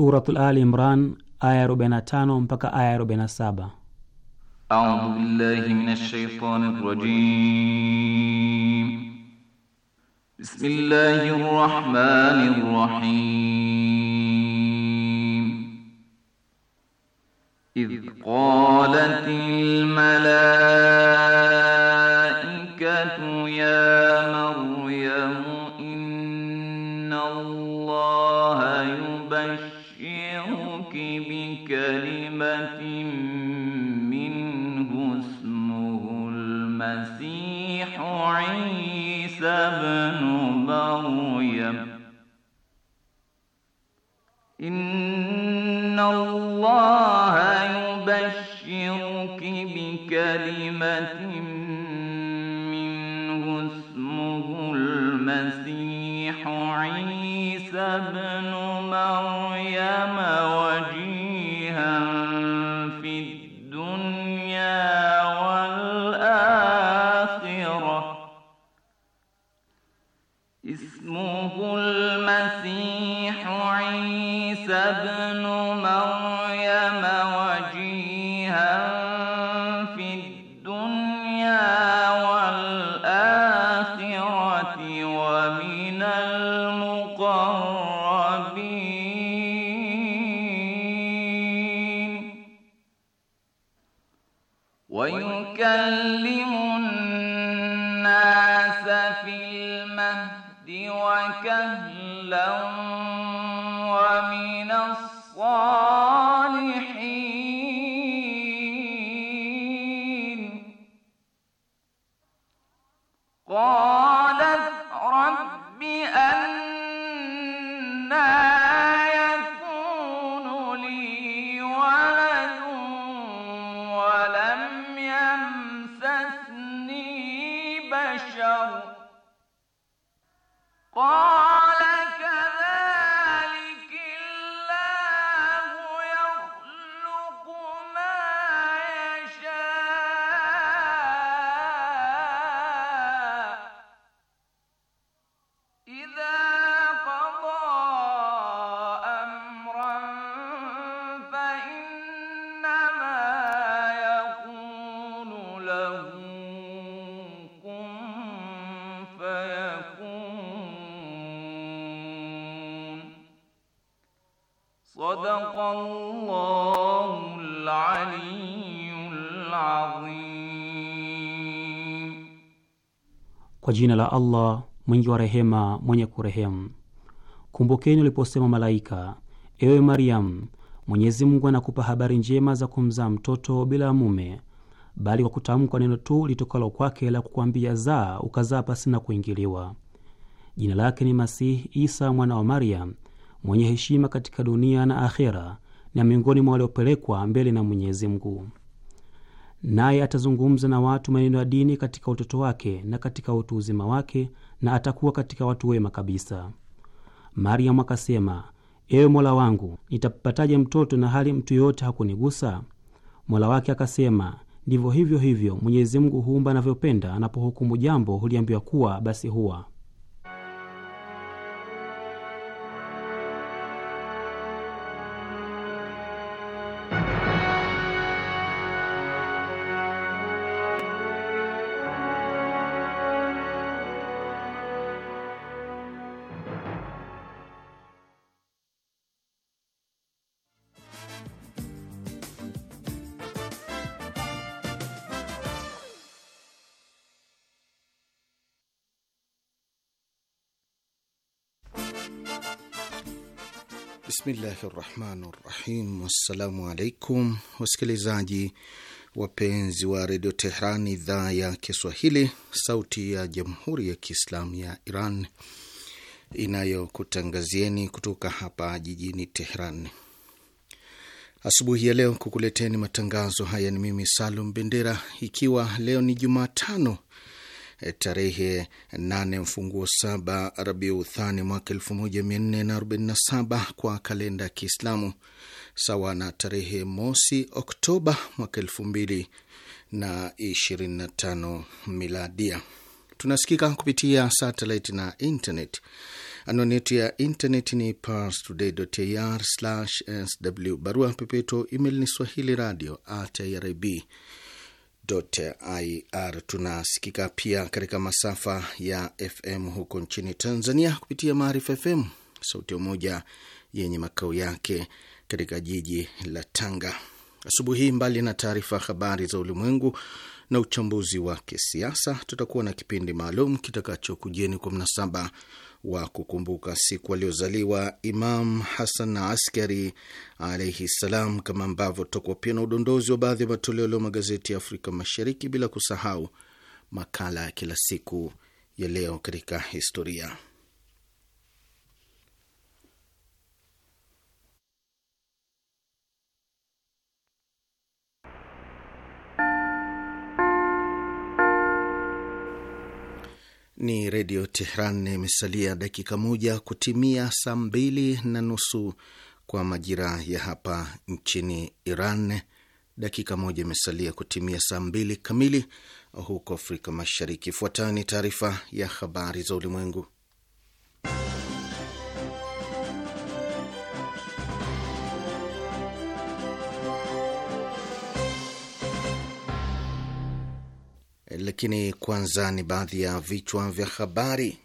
Suratul Ali Imran aya 45 mpaka aya 47. A'udhu billahi minash shaitanir rajim. Bismillahir rahmanir rahim jina la Allah mwingi wa rehema, mwenye kurehemu. Kumbukeni uliposema malaika, ewe Mariamu, Mwenyezi Mungu anakupa habari njema za kumzaa mtoto bila mume, bali kwa kutamkwa neno tu litokalo kwake la kukwambia zaa, ukazaa pasina kuingiliwa. Jina lake ni Masihi Isa mwana wa mariam mwenye heshima katika dunia na akhera, na miongoni mwa waliopelekwa mbele na Mwenyezi Mungu naye atazungumza na watu maneno ya dini katika utoto wake na katika utu uzima wake, na atakuwa katika watu wema kabisa. maryam akasema, ewe Mola wangu, nitapataje mtoto na hali mtu yoyote hakunigusa? Mola wake akasema, ndivyo hivyo hivyo Mwenyezi Mungu huumba anavyopenda, anapohukumu jambo huliambiwa kuwa, basi huwa Bismillahi rahmani rahim. Wassalamu alaikum wasikilizaji wapenzi wa redio Tehran, idhaa ya Kiswahili, sauti ya jamhuri ya Kiislamu ya Iran inayokutangazieni kutoka hapa jijini Tehran asubuhi ya leo kukuleteni matangazo haya. Ni mimi Salum Bendera, ikiwa leo ni Jumatano tarehe 8 mfunguo saba Thani mwaka 1447 kwa kalenda ya Kiislamu, sawa na tarehe mosi Oktoba mwaka 2025 miladia. Tunasikika kupitia satellite na internet. Anwani yetu ya internet ni parstoday.ir/sw. Barua pepeto email ni swahili radio at irib ir. Tunasikika pia katika masafa ya FM huko nchini Tanzania kupitia Maarifa FM sauti ya Umoja yenye makao yake katika jiji la Tanga. Asubuhi hii, mbali na taarifa habari za ulimwengu na uchambuzi wa kisiasa, tutakuwa na kipindi maalum kitakachokujieni kwa mnasaba wa kukumbuka siku aliozaliwa Imam Hasan Askari alaihi ssalam, kama ambavyo tutakuwa pia na udondozi wa baadhi ya matoleo leo magazeti ya Afrika Mashariki, bila kusahau makala ya kila siku ya leo katika historia. Ni Redio Tehran. Imesalia dakika moja kutimia saa mbili na nusu kwa majira ya hapa nchini Iran. Dakika moja imesalia kutimia saa mbili kamili huko Afrika Mashariki. Fuatayo ni taarifa ya habari za ulimwengu. lakini kwanza ni baadhi ya vichwa vya habari.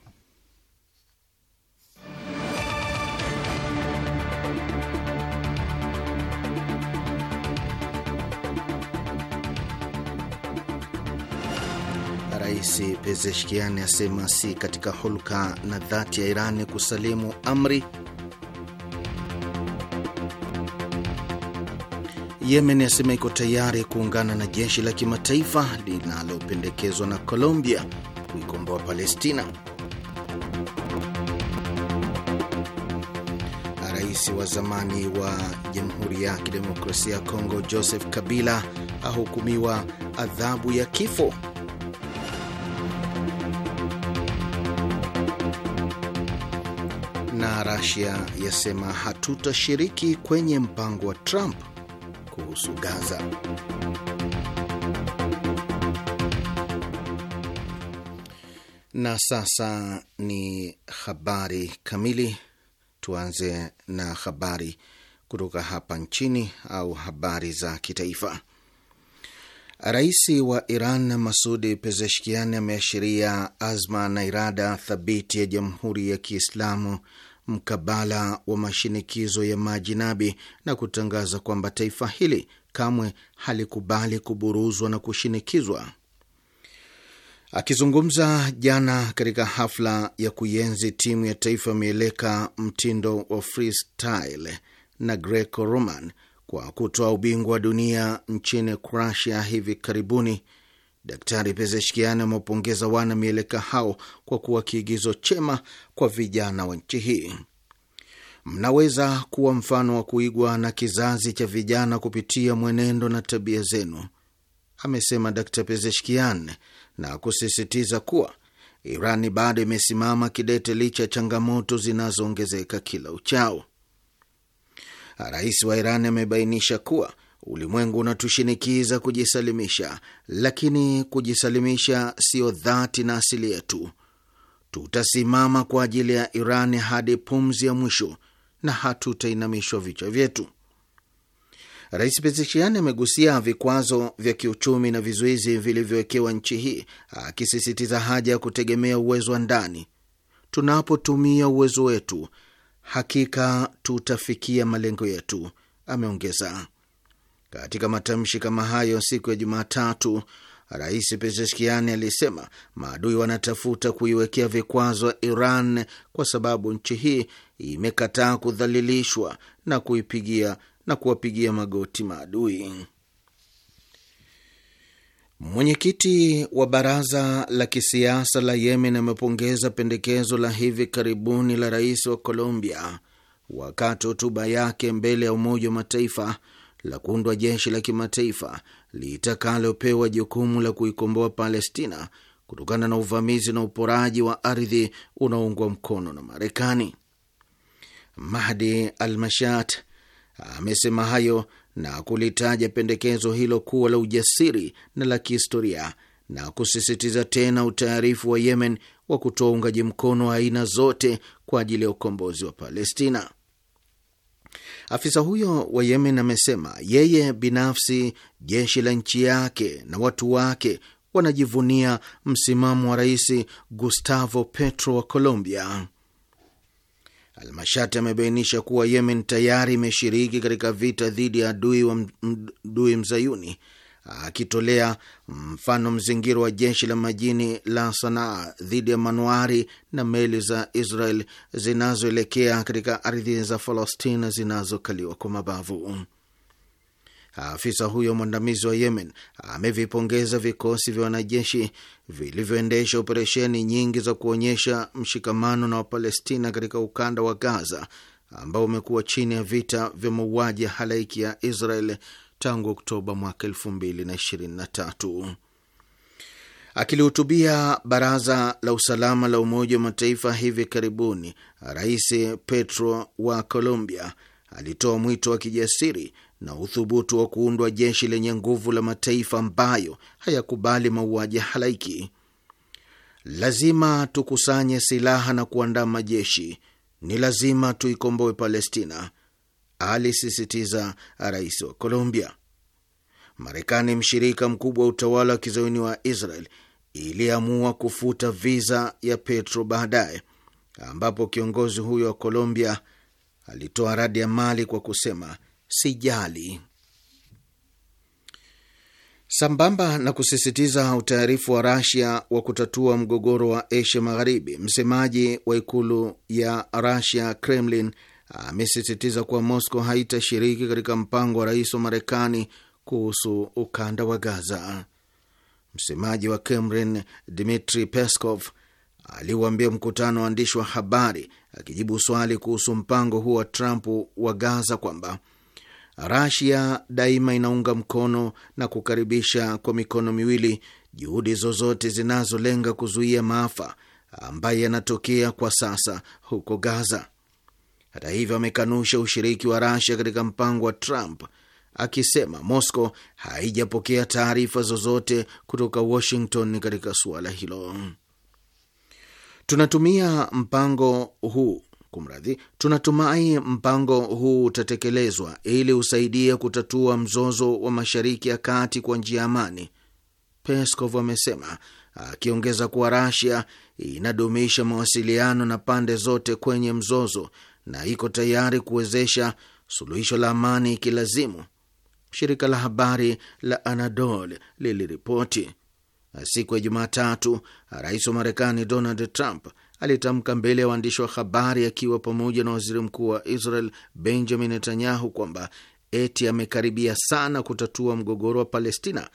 Rais Pezeshkiani asema si katika hulka na dhati ya Irani kusalimu amri. Yemen yasema iko tayari kuungana na jeshi la kimataifa linalopendekezwa na Colombia kuikomboa Palestina. Rais wa zamani wa Jamhuri ya Kidemokrasia ya Kongo Joseph Kabila ahukumiwa adhabu ya kifo. Na Russia yasema hatutashiriki kwenye mpango wa Trump kuhusu Gaza. Na sasa ni habari kamili. Tuanze na habari kutoka hapa nchini au habari za kitaifa. Rais wa Iran Masudi Pezeshkian ameashiria azma na irada thabiti ya Jamhuri ya Kiislamu mkabala wa mashinikizo ya majinabi na kutangaza kwamba taifa hili kamwe halikubali kuburuzwa na kushinikizwa. Akizungumza jana katika hafla ya kuienzi timu ya taifa mieleka mtindo wa freestyle na Greco Roman kwa kutoa ubingwa wa dunia nchini Croatia hivi karibuni, Daktari Pezeshkian amewapongeza wana mieleka hao kwa kuwa kiigizo chema kwa vijana wa nchi hii. Mnaweza kuwa mfano wa kuigwa na kizazi cha vijana kupitia mwenendo na tabia zenu, amesema Daktari Pezeshkian na kusisitiza kuwa Irani bado imesimama kidete licha ya changamoto zinazoongezeka kila uchao. Rais wa Irani amebainisha kuwa Ulimwengu unatushinikiza kujisalimisha, lakini kujisalimisha siyo dhati na asili yetu. Tutasimama kwa ajili ya Iran hadi pumzi ya mwisho na hatutainamishwa vichwa vyetu. Rais Pezeshkian amegusia vikwazo vya kiuchumi na vizuizi vilivyowekewa nchi hii, akisisitiza haja ya kutegemea uwezo wa ndani. Tunapotumia uwezo wetu, hakika tutafikia malengo yetu, ameongeza. Katika matamshi kama hayo siku ya Jumatatu, Rais Pezeshkiani alisema maadui wanatafuta kuiwekea vikwazo Iran kwa sababu nchi hii imekataa kudhalilishwa na kuipigia na kuwapigia magoti maadui. Mwenyekiti wa baraza la kisiasa la Yemen amepongeza pendekezo la hivi karibuni la rais wa Colombia wakati hotuba yake mbele ya Umoja wa Mataifa la kuundwa jeshi la kimataifa litakalopewa jukumu la kuikomboa Palestina kutokana na uvamizi na uporaji wa ardhi unaoungwa mkono na Marekani. Mahdi al-Mashat amesema hayo na kulitaja pendekezo hilo kuwa la ujasiri na la kihistoria na kusisitiza tena utayarifu wa Yemen wa kutoa uungaji mkono wa aina zote kwa ajili ya ukombozi wa Palestina. Afisa huyo wa Yemen amesema yeye binafsi, jeshi la nchi yake na watu wake wanajivunia msimamo wa Rais Gustavo Petro wa Colombia. Almashati amebainisha kuwa Yemen tayari imeshiriki katika vita dhidi ya adui wa mdui mzayuni akitolea mfano mzingiro wa jeshi la majini la Sanaa dhidi ya manuari na meli za Israel zinazoelekea katika ardhi za Palestina zinazokaliwa kwa mabavu. Afisa huyo mwandamizi wa Yemen amevipongeza vikosi vya wanajeshi vilivyoendesha operesheni nyingi za kuonyesha mshikamano na Wapalestina katika ukanda wa Gaza ambao umekuwa chini ya vita vya mauaji ya halaiki ya Israel tangu Oktoba mwaka tatu. Akilihutubia baraza la usalama la Umoja wa Mataifa hivi karibuni, Rais Petro wa Colombia alitoa mwito wa kijasiri na uthubutu wa kuundwa jeshi lenye nguvu la mataifa ambayo hayakubali mauaji halaiki. Lazima tukusanye silaha na kuandaa majeshi. Ni lazima tuikomboe Palestina alisisitiza rais wa Colombia. Marekani, mshirika mkubwa wa utawala wa kizayuni wa Israel, iliamua kufuta viza ya Petro baadaye, ambapo kiongozi huyo wa Colombia alitoa radi ya mali kwa kusema sijali. Sambamba na kusisitiza utayarifu wa Rasia wa kutatua mgogoro wa Asia Magharibi, msemaji wa ikulu ya Rasia, Kremlin, amesisitiza kuwa Moscow haitashiriki katika mpango wa rais wa Marekani kuhusu ukanda wa Gaza. Msemaji wa Kremlin Dmitri Peskov aliuambia mkutano wa waandishi wa habari akijibu swali kuhusu mpango huo wa Trump wa Gaza kwamba Rasia daima inaunga mkono na kukaribisha kwa mikono miwili juhudi zozote zinazolenga kuzuia maafa ambayo yanatokea kwa sasa huko Gaza. Hata hivyo, amekanusha ushiriki wa Rasia katika mpango wa Trump akisema Moscow haijapokea taarifa zozote kutoka Washington katika suala hilo. Tunatumia mpango huu kumradhi, tunatumai mpango huu utatekelezwa ili usaidie kutatua mzozo wa Mashariki ya Kati kwa njia ya amani, Peskov amesema, akiongeza kuwa Rasia inadumisha mawasiliano na pande zote kwenye mzozo na iko tayari kuwezesha suluhisho la amani ikilazimu, shirika la habari la Anadolu liliripoti. Siku ya Jumatatu, rais wa Marekani Donald Trump alitamka mbele ya waandishi wa habari akiwa pamoja na waziri mkuu wa Israel Benjamin Netanyahu kwamba eti amekaribia sana kutatua mgogoro wa Palestina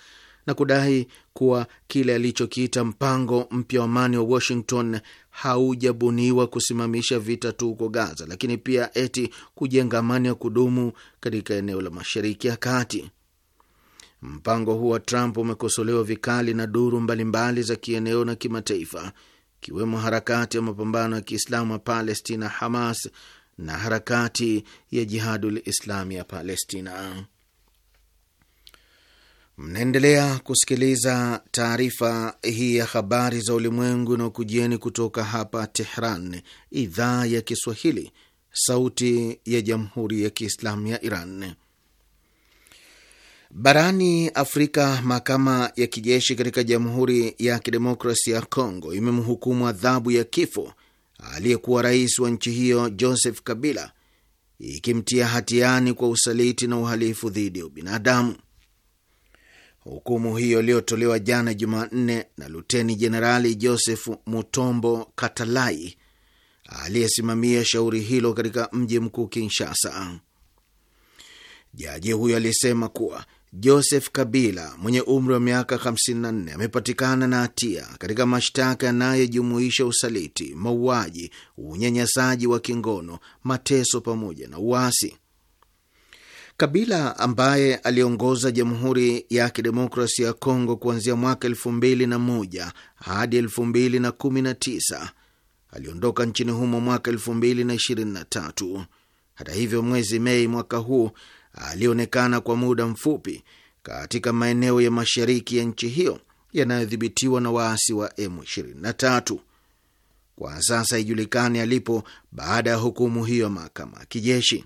na kudai kuwa kile alichokiita mpango mpya wa amani wa Washington haujabuniwa kusimamisha vita tu huko Gaza, lakini pia eti kujenga amani ya kudumu katika eneo la Mashariki ya Kati. Mpango huu wa Trump umekosolewa vikali na duru mbalimbali za kieneo na kimataifa, ikiwemo harakati ya mapambano ya Kiislamu ya Palestina, Hamas, na harakati ya Jihadul Islami ya Palestina. Mnaendelea kusikiliza taarifa hii ya habari za ulimwengu na ukujieni kutoka hapa Tehran, idhaa ya Kiswahili, sauti ya jamhuri ya kiislamu ya Iran. Barani Afrika, mahakama ya kijeshi katika Jamhuri ya Kidemokrasia ya Kongo imemhukumu adhabu ya kifo aliyekuwa rais wa nchi hiyo Joseph Kabila, ikimtia hatiani kwa usaliti na uhalifu dhidi ya ubinadamu. Hukumu hiyo iliyotolewa jana Jumanne na Luteni Jenerali Joseph Mutombo Katalai aliyesimamia shauri hilo katika mji mkuu Kinshasa. Jaji huyo alisema kuwa Joseph Kabila mwenye umri wa miaka 54 amepatikana na hatia katika mashtaka yanayojumuisha usaliti, mauaji, unyanyasaji wa kingono, mateso pamoja na uasi. Kabila ambaye aliongoza Jamhuri ya Kidemokrasia ya Kongo kuanzia mwaka elfu mbili na moja hadi elfu mbili na kumi na tisa aliondoka nchini humo mwaka elfu mbili na ishirini na tatu. Hata hivyo, mwezi Mei mwaka huu alionekana kwa muda mfupi katika maeneo ya mashariki ya nchi hiyo yanayodhibitiwa na waasi wa M23. Kwa sasa haijulikani alipo baada ya hukumu hiyo ya mahakama ya kijeshi.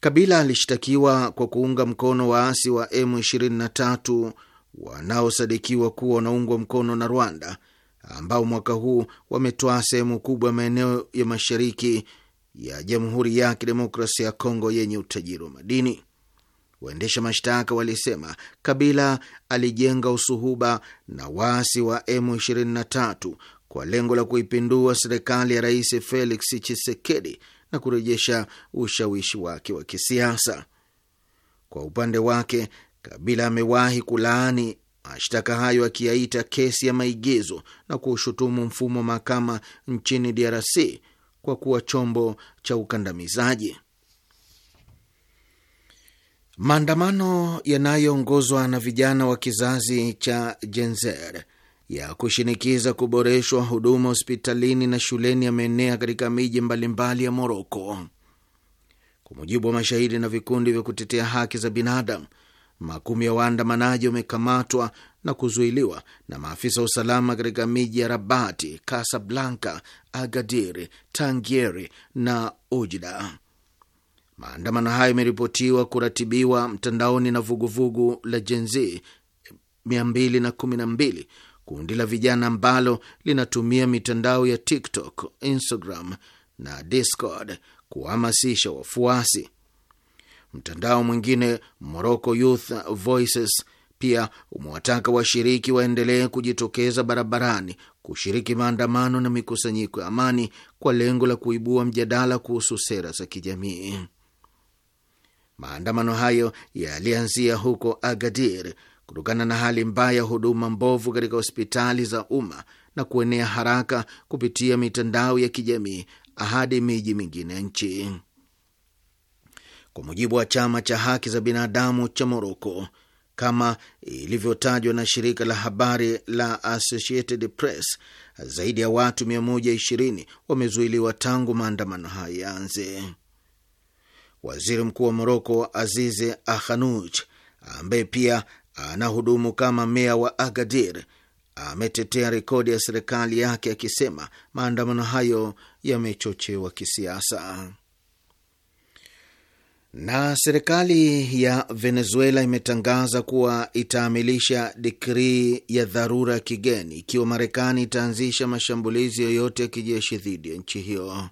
Kabila alishtakiwa kwa kuunga mkono waasi wa M23 wanaosadikiwa kuwa wanaungwa mkono na Rwanda, ambao mwaka huu wametoa sehemu kubwa ya maeneo ya mashariki ya Jamhuri ya Kidemokrasia ya Kongo yenye utajiri wa madini. Waendesha mashtaka walisema Kabila alijenga usuhuba na waasi wa M23 kwa lengo la kuipindua serikali ya Rais Felix Tshisekedi na kurejesha ushawishi wake wa kisiasa. Kwa upande wake, Kabila amewahi kulaani mashtaka hayo akiyaita kesi ya maigizo na kuushutumu mfumo wa mahakama nchini DRC kwa kuwa chombo cha ukandamizaji. Maandamano yanayoongozwa na vijana wa kizazi cha Jenzer ya kushinikiza kuboreshwa huduma hospitalini na shuleni yameenea katika miji mbalimbali ya Moroko. Kwa mujibu wa mashahidi na vikundi vya kutetea haki za binadamu, makumi ya waandamanaji wamekamatwa na kuzuiliwa na maafisa wa usalama katika miji ya Rabati, Kasablanka, Agadiri, Tangieri na Ujda. Maandamano hayo imeripotiwa kuratibiwa mtandaoni na vuguvugu vugu la Jenzi 212 kundi la vijana ambalo linatumia mitandao ya TikTok, Instagram na Discord kuhamasisha wafuasi. Mtandao mwingine Morocco Youth Voices pia umewataka washiriki waendelee kujitokeza barabarani kushiriki maandamano na mikusanyiko ya amani kwa lengo la kuibua mjadala kuhusu sera za kijamii. Maandamano hayo yalianzia huko Agadir kutokana na hali mbaya ya huduma mbovu katika hospitali za umma na kuenea haraka kupitia mitandao ya kijamii hadi miji mingine ya nchi. Kwa mujibu wa chama cha haki za binadamu cha Moroko, kama ilivyotajwa na shirika la habari la Associated Press, zaidi ya watu 120 wamezuiliwa tangu maandamano hayo yaanze. Waziri Mkuu wa Moroko Azize ahanuj ambaye pia anahudumu kama meya wa Agadir ametetea rekodi ya serikali yake akisema maandamano hayo yamechochewa kisiasa. Na serikali ya Venezuela imetangaza kuwa itaamilisha dikrii ya dharura ya kigeni ikiwa Marekani itaanzisha mashambulizi yoyote ya kijeshi dhidi ya nchi hiyo.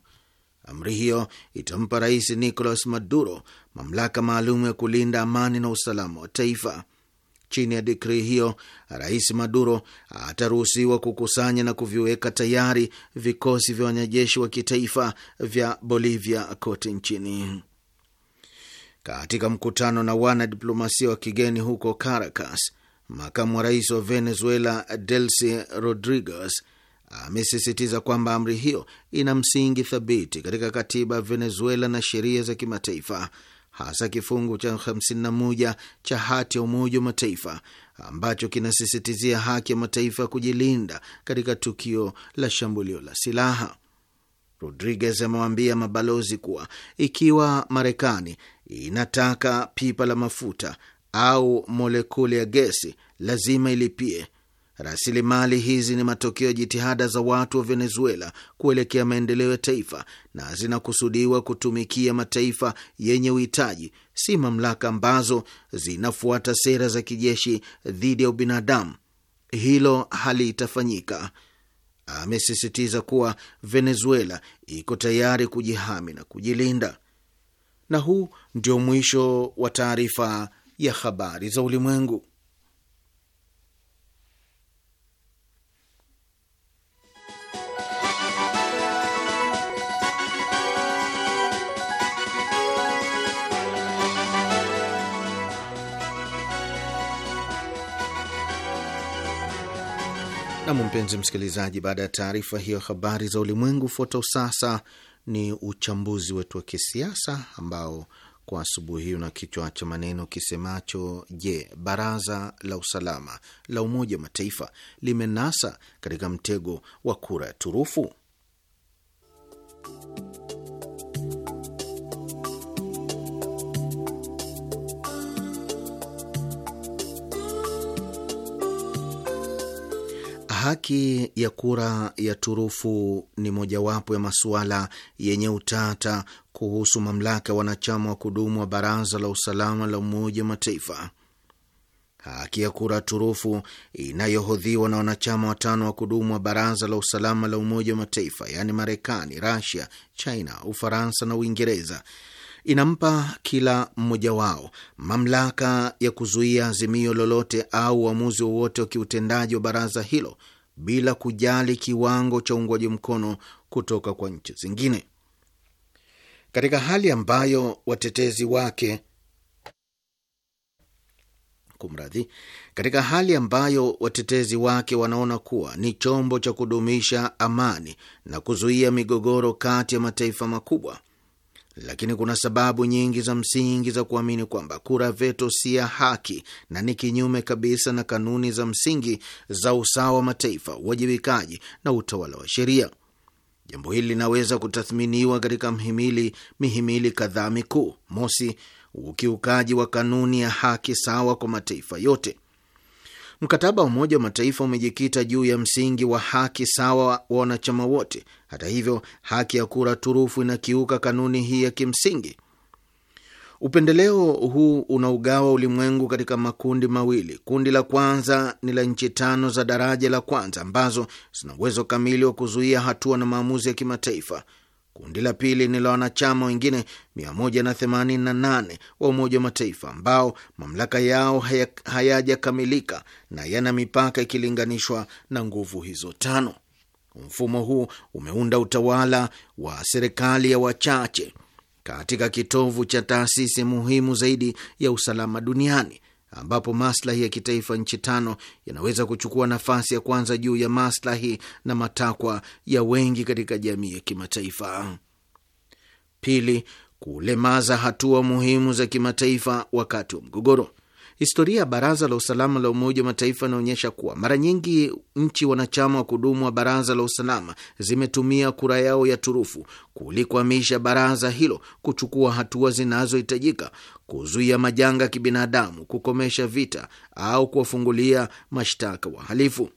Amri hiyo itampa Rais Nicolas Maduro mamlaka maalum ya kulinda amani na usalama wa taifa. Chini ya dikrii hiyo, Rais Maduro ataruhusiwa kukusanya na kuviweka tayari vikosi vya wanajeshi wa kitaifa vya Bolivia kote nchini. Katika mkutano na wanadiplomasia wa kigeni huko Caracas, makamu wa rais wa Venezuela Delcy Rodriguez amesisitiza kwamba amri hiyo ina msingi thabiti katika katiba ya Venezuela na sheria za kimataifa hasa kifungu cha 51 cha hati ya Umoja wa Mataifa ambacho kinasisitizia haki ya mataifa ya kujilinda katika tukio la shambulio la silaha. Rodriguez amewaambia mabalozi kuwa ikiwa Marekani inataka pipa la mafuta au molekuli ya gesi lazima ilipie Rasilimali hizi ni matokeo ya jitihada za watu wa Venezuela kuelekea maendeleo ya taifa na zinakusudiwa kutumikia mataifa yenye uhitaji, si mamlaka ambazo zinafuata sera za kijeshi dhidi ya ubinadamu. Hilo halitafanyika. Amesisitiza kuwa Venezuela iko tayari kujihami na kujilinda. Na huu ndio mwisho wa taarifa ya habari za ulimwengu. Nam, mpenzi msikilizaji, baada ya taarifa hiyo habari za ulimwengu foto, sasa ni uchambuzi wetu wa kisiasa ambao kwa asubuhi hii una kichwa cha maneno kisemacho: Je, baraza la usalama la Umoja wa Mataifa limenasa katika mtego wa kura ya turufu? Haki ya kura ya turufu ni mojawapo ya masuala yenye utata kuhusu mamlaka ya wanachama wa kudumu wa Baraza la Usalama la Umoja wa Mataifa. Haki ya kura turufu inayohodhiwa na wanachama watano wa kudumu wa Baraza la Usalama la Umoja wa Mataifa, yaani Marekani, Rasia, China, Ufaransa na Uingereza inampa kila mmoja wao mamlaka ya kuzuia azimio lolote au uamuzi wowote wa kiutendaji wa baraza hilo bila kujali kiwango cha uungwaji mkono kutoka kwa nchi zingine, katika hali ambayo watetezi wake kumradhi, katika hali ambayo watetezi wake wanaona kuwa ni chombo cha kudumisha amani na kuzuia migogoro kati ya mataifa makubwa lakini kuna sababu nyingi za msingi za kuamini kwamba kura veto si ya haki na ni kinyume kabisa na kanuni za msingi za usawa wa mataifa, uwajibikaji na utawala wa sheria. Jambo hili linaweza kutathminiwa katika mhimili mihimili kadhaa mikuu. Mosi, ukiukaji wa kanuni ya haki sawa kwa mataifa yote. Mkataba wa Umoja wa Mataifa umejikita juu ya msingi wa haki sawa wa wanachama wote. Hata hivyo, haki ya kura turufu inakiuka kanuni hii ya kimsingi. Upendeleo huu unaugawa ulimwengu katika makundi mawili. Kundi la kwanza ni la nchi tano za daraja la kwanza ambazo zina uwezo kamili wa kuzuia hatua na maamuzi ya kimataifa. Kundi la pili ni la wanachama wengine 188 wa Umoja wa Mataifa ambao mamlaka yao hayajakamilika haya na yana mipaka ikilinganishwa na nguvu hizo tano. Mfumo huu umeunda utawala wa serikali ya wachache katika kitovu cha taasisi muhimu zaidi ya usalama duniani ambapo maslahi ya kitaifa nchi tano yanaweza kuchukua nafasi ya kwanza juu ya maslahi na matakwa ya wengi katika jamii ya kimataifa. Pili, kulemaza hatua muhimu za kimataifa wakati wa mgogoro. Historia ya Baraza la Usalama la Umoja wa Mataifa inaonyesha kuwa mara nyingi nchi wanachama wa kudumu wa Baraza la Usalama zimetumia kura yao ya turufu kulikwamisha baraza hilo kuchukua hatua zinazohitajika kuzuia majanga ya kibinadamu, kukomesha vita au kuwafungulia mashtaka wahalifu.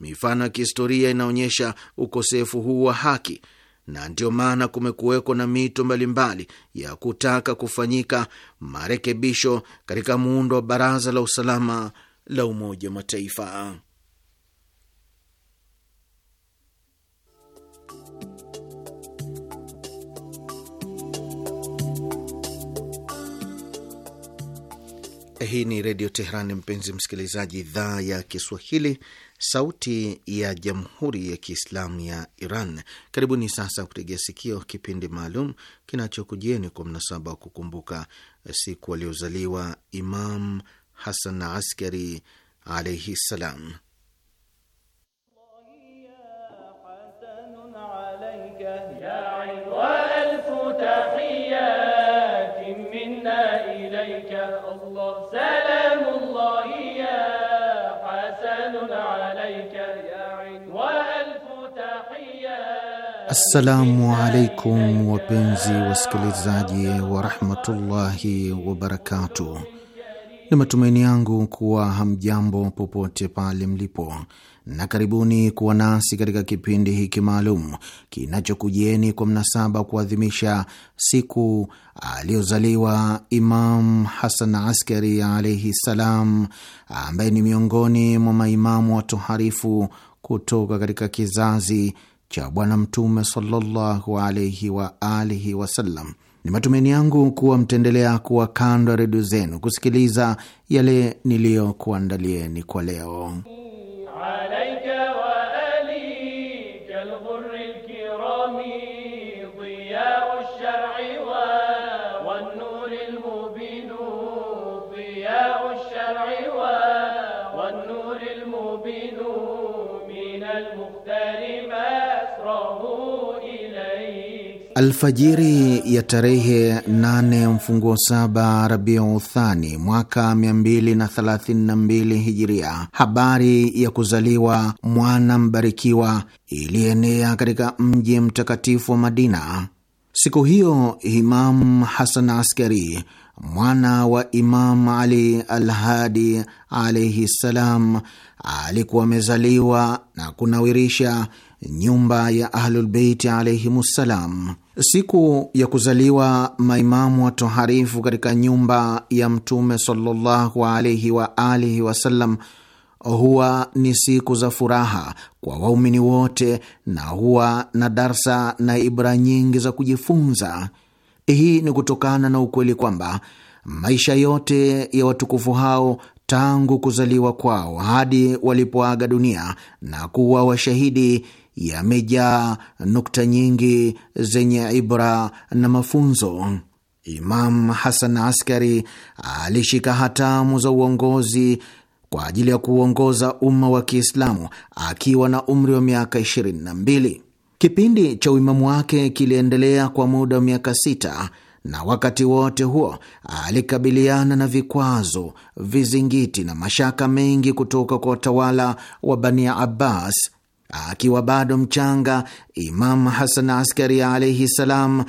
Mifano ya kihistoria inaonyesha ukosefu huu wa haki na ndiyo maana kumekuweko na mito mbalimbali ya kutaka kufanyika marekebisho katika muundo wa Baraza la Usalama la Umoja wa Mataifa. Hii ni Redio Teherani, mpenzi msikilizaji, idhaa ya Kiswahili Sauti ya Jamhuri ya Kiislamu ya Iran. Karibuni sasa kutegea sikio kipindi maalum kinachokujieni kwa mnasaba wa kukumbuka siku aliozaliwa Imam Hasan Askari alaihi ssalam. Assalamu alaikum wapenzi wasikilizaji wa rahmatullahi wabarakatuh. Ni matumaini yangu kuwa hamjambo popote pale mlipo, na karibuni kuwa nasi katika kipindi hiki maalum kinachokujieni kwa mnasaba kuadhimisha siku aliyozaliwa Imam Hasan Askari alaihi ssalam, ambaye ni miongoni mwa maimamu watoharifu kutoka katika kizazi cha Bwana Mtume sallallahu alaihi wa alihi wasallam. Ni matumaini yangu kuwa mtaendelea kuwa kando ya redio zenu kusikiliza yale niliyokuandalieni kwa leo. Alfajiri ya tarehe 8 mfunguo saba Rabia Uthani mwaka 232 Hijiria, habari ya kuzaliwa mwana mbarikiwa ilienea katika mji mtakatifu wa Madina. Siku hiyo imam Hasan Askari mwana wa Imam Ali Alhadi alaihi ssalam alikuwa amezaliwa na kunawirisha nyumba ya Ahlulbeiti alaihim ssalam. Siku ya kuzaliwa maimamu watoharifu katika nyumba ya Mtume sallallahu alaihi wa alihi wasallam huwa ni siku za furaha kwa waumini wote na huwa na darsa na ibra nyingi za kujifunza. Hii ni kutokana na ukweli kwamba maisha yote ya watukufu hao tangu kuzaliwa kwao hadi walipoaga dunia na kuwa washahidi yamejaa nukta nyingi zenye ibra na mafunzo. Imam Hasan Askari alishika hatamu za uongozi kwa ajili ya kuuongoza umma wa Kiislamu akiwa na umri wa miaka 22. Kipindi cha uimamu wake kiliendelea kwa muda wa miaka sita, na wakati wote huo alikabiliana na vikwazo, vizingiti na mashaka mengi kutoka kwa watawala wa Bani Abbas Akiwa bado mchanga, Imam Hasan Askari alaihi salam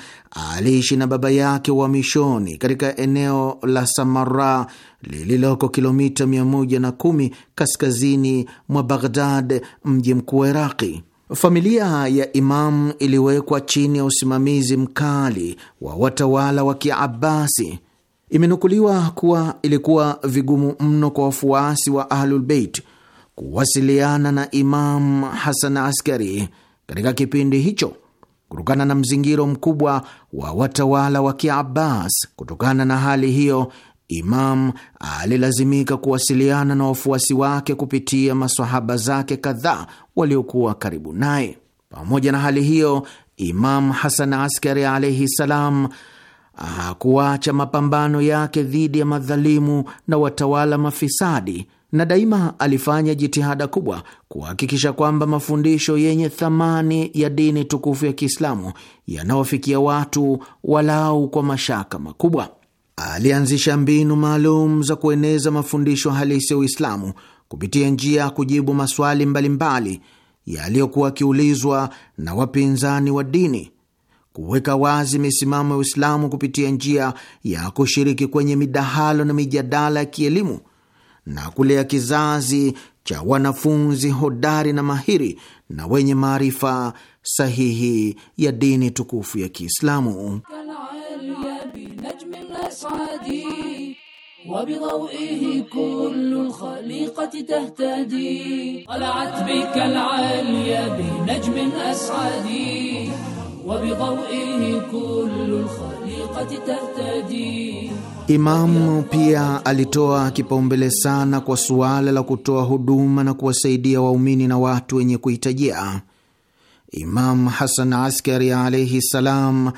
aliishi na baba yake wa mishoni katika eneo la Samara lililoko kilomita 110 kaskazini mwa Baghdad, mji mkuu wa Iraqi. Familia ya Imam iliwekwa chini ya usimamizi mkali wa watawala wa Kiabasi. Imenukuliwa kuwa ilikuwa vigumu mno kwa wafuasi wa Ahlulbeit kuwasiliana na Imam Hasan Askari katika kipindi hicho kutokana na mzingiro mkubwa wa watawala wa Kiabbas. Kutokana na hali hiyo, Imam alilazimika kuwasiliana na wafuasi wake kupitia masahaba zake kadhaa waliokuwa karibu naye. Pamoja na hali hiyo, Imam Hasan Askari alaihi salam hakuacha mapambano yake dhidi ya madhalimu na watawala mafisadi na daima alifanya jitihada kubwa kuhakikisha kwamba mafundisho yenye thamani ya dini tukufu ya Kiislamu yanawafikia watu walau kwa mashaka makubwa. Alianzisha mbinu maalum za kueneza mafundisho halisi ya Uislamu kupitia njia ya kujibu maswali mbalimbali yaliyokuwa akiulizwa na wapinzani wa dini, kuweka wazi misimamo ya Uislamu kupitia njia ya kushiriki kwenye midahalo na mijadala ya kielimu na kulea kizazi cha wanafunzi hodari na mahiri na wenye maarifa sahihi ya dini tukufu ya Kiislamu. Imamu pia alitoa kipaumbele sana kwa suala la kutoa huduma na kuwasaidia waumini na watu wenye kuhitajia. Imamu Hasan Askari alaihi salam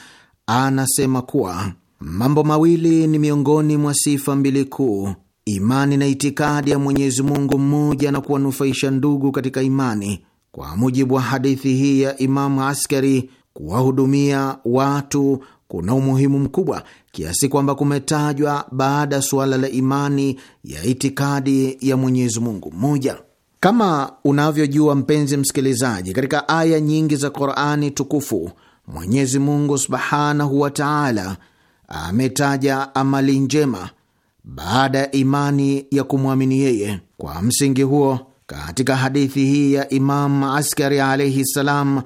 anasema kuwa mambo mawili ni miongoni mwa sifa mbili kuu: imani na itikadi ya Mwenyezi Mungu mmoja na kuwanufaisha ndugu katika imani. Kwa mujibu wa hadithi hii ya Imamu Askari, kuwahudumia watu kuna umuhimu mkubwa kiasi kwamba kumetajwa baada ya suala la imani ya itikadi ya Mwenyezi Mungu mmoja. Kama unavyojua mpenzi msikilizaji, katika aya nyingi za Qurani tukufu Mwenyezi Mungu subhanahu wa taala ametaja amali njema baada ya imani ya kumwamini yeye. Kwa msingi huo, katika hadithi hii ya imamu Askari alaihi ssalam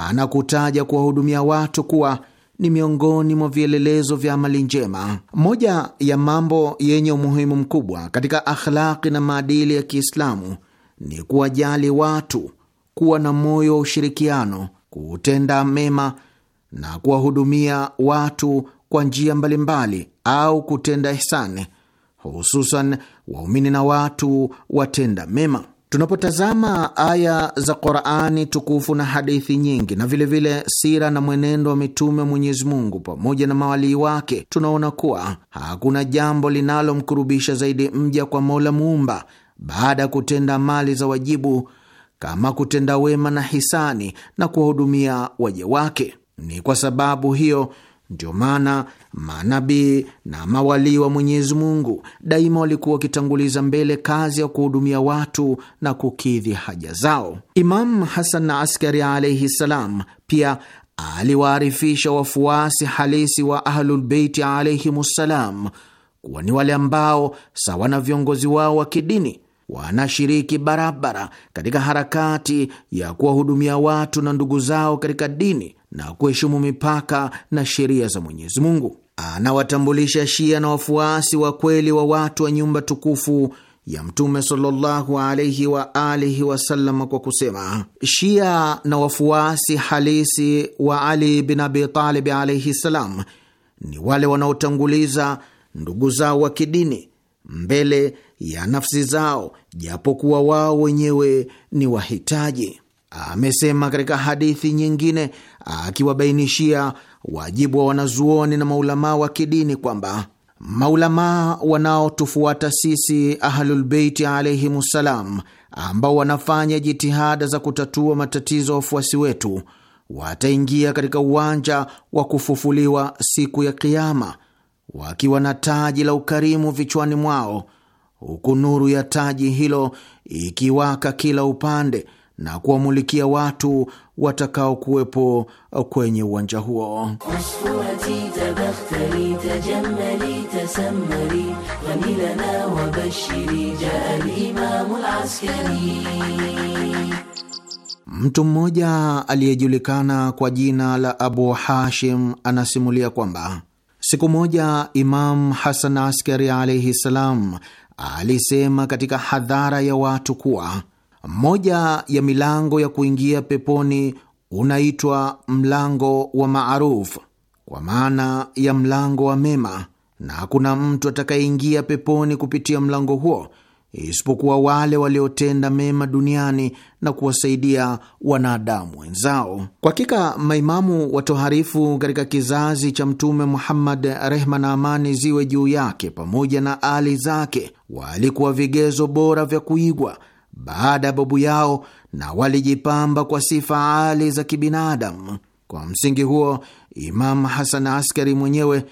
anakutaja kuwahudumia watu kuwa ni miongoni mwa vielelezo vya amali njema. Moja ya mambo yenye umuhimu mkubwa katika akhlaki na maadili ya Kiislamu ni kuwajali watu, kuwa na moyo wa ushirikiano, kutenda mema na kuwahudumia watu kwa njia mbalimbali au kutenda ihsani, hususan waumini na watu watenda mema. Tunapotazama aya za Qurani tukufu na hadithi nyingi na vilevile vile sira na mwenendo wa mitume wa Mwenyezi Mungu pamoja na mawalii wake, tunaona kuwa hakuna jambo linalomkurubisha zaidi mja kwa Mola Muumba baada ya kutenda mali za wajibu kama kutenda wema na hisani na kuwahudumia waja wake. Ni kwa sababu hiyo ndio maana manabii na mawalii wa Mwenyezi Mungu daima walikuwa wakitanguliza mbele kazi ya kuhudumia watu na kukidhi haja zao. Imamu Hasan na Askari alaihi salam pia aliwaarifisha wafuasi halisi wa Ahlulbeiti alaihimussalam kuwa ni wale ambao sawa na viongozi wao wa kidini wanashiriki barabara katika harakati ya kuwahudumia watu na ndugu zao katika dini na kuheshimu mipaka na sheria za Mwenyezi Mungu. Anawatambulisha Shia na wafuasi wa kweli wa watu wa nyumba tukufu ya Mtume sallallahu alaihi wa alihi wasallam kwa kusema, Shia na wafuasi halisi wa Ali bin Abi alaihi ssalam ni wale wanaotanguliza ndugu zao wa kidini mbele ya nafsi zao, japokuwa wao wenyewe ni wahitaji amesema katika hadithi nyingine, akiwabainishia wajibu wa wanazuoni na maulamaa wa kidini kwamba maulamaa wanaotufuata sisi Ahlulbeiti ssalam, ambao wanafanya jitihada za kutatua matatizo ya wafuasi wetu wataingia katika uwanja wa kufufuliwa siku ya Kiama wakiwa na taji la ukarimu vichwani mwao, huku nuru ya taji hilo ikiwaka kila upande na kuwamulikia watu watakaokuwepo kwenye uwanja huo. Mtu mmoja aliyejulikana kwa jina la Abu Hashim anasimulia kwamba siku moja Imam Hasan Askari alaihi ssalam alisema katika hadhara ya watu kuwa moja ya milango ya kuingia peponi unaitwa mlango wa maaruf, kwa maana ya mlango wa mema, na hakuna mtu atakayeingia peponi kupitia mlango huo isipokuwa wale waliotenda mema duniani na kuwasaidia wanadamu wenzao. Kwa hakika maimamu watoharifu katika kizazi cha Mtume Muhammad, rehma na amani ziwe juu yake, pamoja na ali zake, walikuwa vigezo bora vya kuigwa baada ya babu yao na walijipamba kwa sifa ali za kibinadamu. Kwa msingi huo, Imamu Hasan Askari mwenyewe